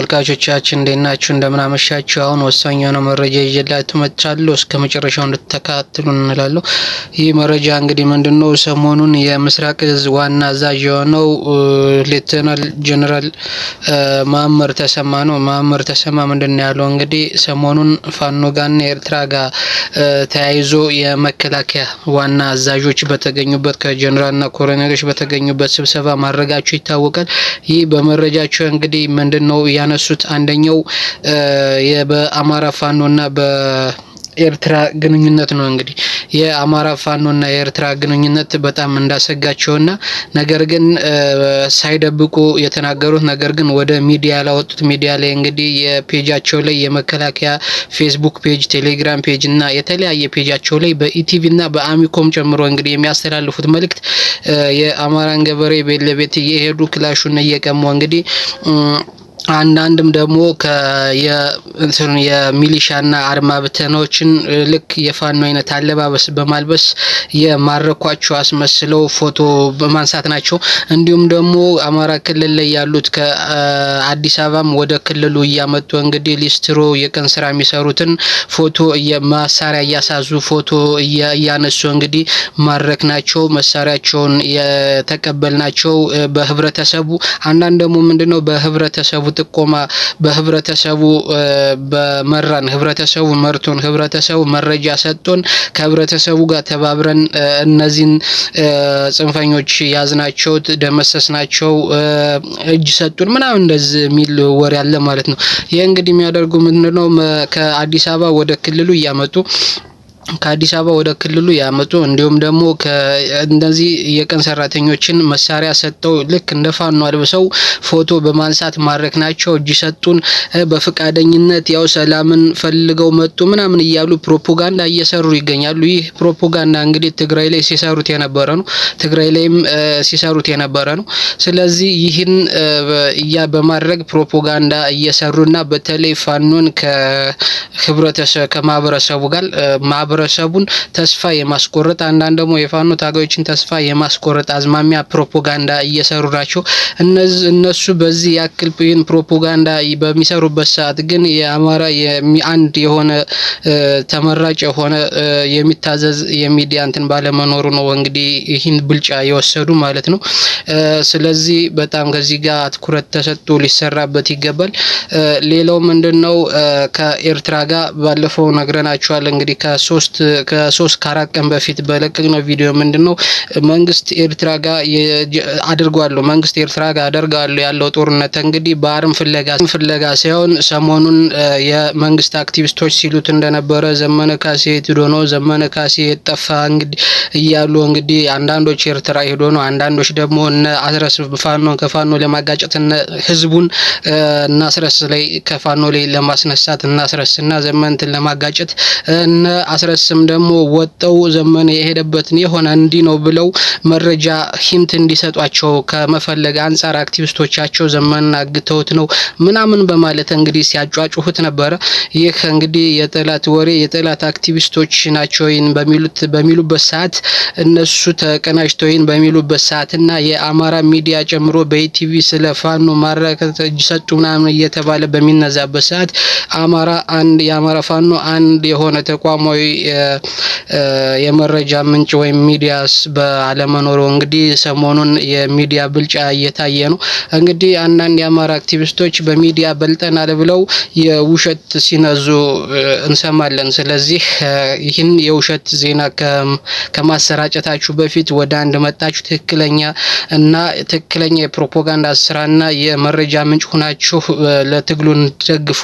ተመልካቾቻችን እንዴት ናችሁ? እንደምን አመሻችሁ? አሁን ወሳኝ የሆነ መረጃ ይዤላችሁ መጥቻለሁ። እስከ መጨረሻው እንድትከታተሉ እንላለሁ። ይህ መረጃ እንግዲህ ምንድነው? ሰሞኑን የምስራቅ እዝ ዋና አዛዥ የሆነው ሌተናል ጀነራል መአመር ተሰማ ነው። መአመር ተሰማ ምንድነው ያለው? እንግዲህ ሰሞኑን ፋኖ ጋርና ኤርትራ ጋር ተያይዞ የመከላከያ ዋና አዛዦች በተገኙበት ከጀነራልና ኮሎኔሎች በተገኙበት ስብሰባ ማድረጋቸው ይታወቃል። ይህ በመረጃቸው እንግዲህ ምንድነው ያ ያነሱት አንደኛው በአማራ በ ኤርትራ ግንኙነት ነው። እንግዲህ የአማራ ፋኖና የኤርትራ ግንኙነት በጣም እንዳሰጋቸውና ነገር ግን ሳይደብቁ የተናገሩት ነገር ግን ወደ ሚዲያ ላወጡት ሚዲያ ላይ እንግዲህ የፔጃቸው ላይ የመከላከያ ፌስቡክ ፔጅ፣ ቴሌግራም ፔጅ እና የተለያየ ፔጃቸው ላይ በኢቲቪና በአሚኮም ጨምሮ እንግዲህ የሚያስተላልፉት መልእክት የአማራን ገበሬ ቤት ለቤት እየሄዱ ክላሹን እየቀሙ እንግዲህ አንዳንድም ደግሞ የሚሊሻና አርማ ብተናዎችን ልክ የፋኖ አይነት አለባበስ በማልበስ የማረኳቸው አስመስለው ፎቶ በማንሳት ናቸው። እንዲሁም ደግሞ አማራ ክልል ላይ ያሉት ከአዲስ አበባም ወደ ክልሉ እያመጡ እንግዲህ ሊስትሮ የቀን ስራ የሚሰሩትን ፎቶ መሳሪያ እያሳዙ ፎቶ እያነሱ እንግዲህ ማድረክ ናቸው። መሳሪያቸውን የተቀበል ናቸው በህብረተሰቡ አንዳንድ ደግሞ ምንድነው በህብረተሰቡ ጥቆማ በህብረተሰቡ በመራን ህብረተሰቡ መርቶን ህብረተሰቡ መረጃ ሰጥቶን ከህብረተሰቡ ጋር ተባብረን እነዚህን ጽንፈኞች ያዝናቸው፣ ደመሰስናቸው፣ እጅ ሰጡን ምናምን እንደዚህ የሚል ወር ያለ ማለት ነው። ይህ እንግዲህ የሚያደርጉ ምንድነው ከአዲስ አበባ ወደ ክልሉ እያመጡ ከአዲስ አበባ ወደ ክልሉ ያመጡ እንዲሁም ደግሞ እንደዚህ የቀን ሰራተኞችን መሳሪያ ሰጥተው ልክ እንደ ፋኖ አልብሰው ፎቶ በማንሳት ማድረክ ናቸው እጅ ሰጡን በፈቃደኝነት ያው ሰላምን ፈልገው መጡ ምናምን እያሉ ፕሮፓጋንዳ እየሰሩ ይገኛሉ። ይህ ፕሮፓጋንዳ እንግዲህ ትግራይ ላይ ሲሰሩት የነበረ ነው። ትግራይ ላይም ሲሰሩት የነበረ ነው። ስለዚህ ይህን እያ በማድረግ ፕሮፓጋንዳ እየሰሩና በተለይ ፋኖን ከህብረተሰብ ከማህበረሰቡ ጋር ማህበረሰቡን ተስፋ የማስቆረጥ አንዳንድ ደግሞ የፋኖ ታጋዮችን ተስፋ የማስቆረጥ አዝማሚያ ፕሮፓጋንዳ እየሰሩ ናቸው። እነሱ በዚህ ያክል ይህን ፕሮፓጋንዳ በሚሰሩበት ሰዓት ግን የአማራ አንድ የሆነ ተመራጭ የሆነ የሚታዘዝ የሚዲያ እንትን ባለመኖሩ ነው እንግዲህ ይህን ብልጫ የወሰዱ ማለት ነው። ስለዚህ በጣም ከዚህ ጋር አትኩረት ተሰጥቶ ሊሰራበት ይገባል። ሌላው ምንድን ነው ከኤርትራ ጋር ባለፈው ነግረናቸዋል እንግዲህ ከሶ ከሶስት ከሶስት ከአራት ቀን በፊት በለቀቅነው ቪዲዮ ምንድን ነው መንግስት ኤርትራ ጋር አድርጓለሁ መንግስት ኤርትራ ጋር አደርጋለሁ ያለው ጦርነት እንግዲህ በአርም ፍለጋ ፍለጋ ሳይሆን ሰሞኑን የመንግስት አክቲቪስቶች ሲሉት እንደነበረ ዘመነ ካሴ ሄዶ ነው ዘመነ ካሴ የጠፋ እንግዲህ እያሉ እንግዲህ አንዳንዶች ኤርትራ ሄዶ ነው፣ አንዳንዶች ደግሞ እነ አስረስ ፋኖ ከፋኖ ለማጋጨት ህዝቡን እናስረስ ላይ ከፋኖ ላይ ለማስነሳት እናስረስ እና ዘመንትን ለማጋጨት እነ አስረ ስም ደግሞ ወጠው ዘመነ የሄደበትን የሆነ እንዲህ ነው ብለው መረጃ ሂንት እንዲሰጧቸው ከመፈለግ አንጻር አክቲቪስቶቻቸው ዘመንን አግተውት ነው ምናምን በማለት እንግዲህ ሲያጫጩሁት ነበረ። ይህ እንግዲህ የጠላት ወሬ የጠላት አክቲቪስቶች ናቸው ይህን በሚሉት በሚሉበት ሰዓት እነሱ ተቀናጅተው ይህን በሚሉበት ሰዓት እና የአማራ ሚዲያ ጨምሮ በኢቲቪ ስለ ፋኖ ማረከት እጅ ሰጡ ምናምን እየተባለ በሚነዛበት ሰዓት አማራ አንድ የአማራ ፋኖ አንድ የሆነ ተቋማዊ የመረጃ ምንጭ ወይም ሚዲያስ ባለመኖሩ እንግዲህ ሰሞኑን የሚዲያ ብልጫ እየታየ ነው። እንግዲህ አንዳንድ የአማራ አክቲቪስቶች በሚዲያ በልጠናል ብለው የውሸት ሲነዙ እንሰማለን። ስለዚህ ይህን የውሸት ዜና ከማሰራጨታችሁ በፊት ወደ አንድ መጣችሁ ትክክለኛ እና ትክክለኛ የፕሮፓጋንዳ ስራና የመረጃ ምንጭ ሆናችሁ ለትግሉ እንደግፉ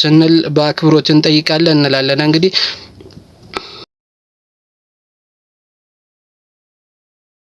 ስንል በአክብሮት እንጠይቃለን እንላለን እንግዲህ